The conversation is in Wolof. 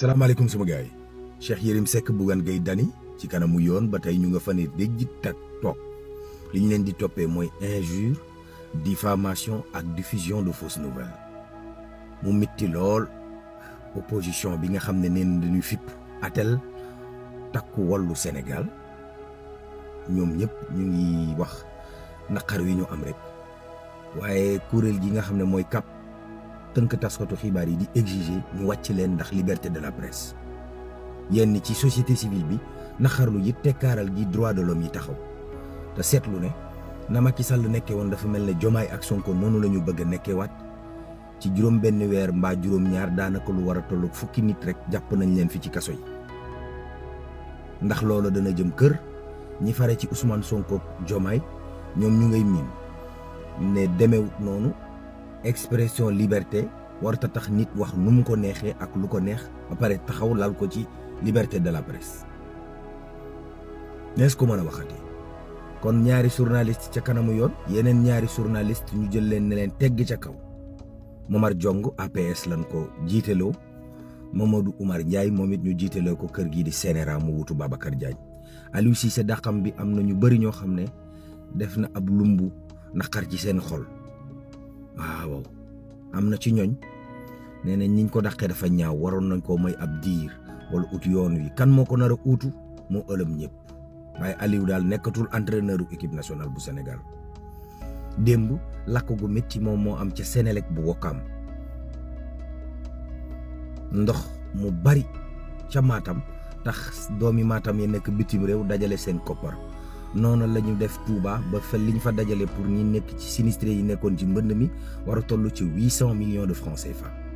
Salam alaikum. Cheikh Yerim Seck Bougane Gay Dany ci kanamu ñu nga tak tok. Liñ leen injure diffamation ak diffusion de fausses nouvelles mu opposition bi nga xamné atel Sénégal Ñom ñep ñu ngi wax nakar wi ñu am rek gi CAP tënk taskatu xibaar yi di exiger ñu wacc leen ndax liberté de la presse yenn ci société civile bi naxarlu yi tekkaaral gi droit de l'homme yi taxaw te seetlu ne na Macky Sall nekké won dafa melni jomay ak sonko nonu lañu bëgg nekké wat ci juroom benn wër mba juroom ñaar daanaka lu wara tollu fukki nit rek japp nañ leen fi ci kasso yi ndax loolu dana jëm kër ñi faré ci Ousmane Sonko jomay ñom ñu ngay min ne démé nonu expression liberté warta tax nit wax nu ko neexee ak lu ko neex ba pare taxaw lal ko ci liberté de la presse ko waxati kon ñaari journaliste ca kanamu yoon yeneen ñaari journaliste ñu jël leen leen tegg ca kaw momar jong aps lan ko jiiteloo mamadou oumar ndiaye moom ñu jiiteloo ko kër di sénéra mu wutu babacar diagne aliou cissé dàqam bi am na ñu bëri ñoo xam def na ab lumbu ci seen xol Ah, waaw am na ci ñooñ nee nañ niñ ko daqee dafa ñaaw waroon nañ koo may ab diir wala ut yoon wi kan moo ko nar a uutu moo ëlëm ñëpp waaye Aliou daal nekkatul entraîneuru équipe nationale bu Sénégal démb lakk gu métti moom moo am ca sénélek bu wokkaam ndox mu bari ca maatam tax doomi maatam yi ya nekk bitim réew dajale seen koppar Non la def Touba ba fa liñ fa dajale pour ñi nekk ci sinistré yi ci mi ci millions de francs CFA.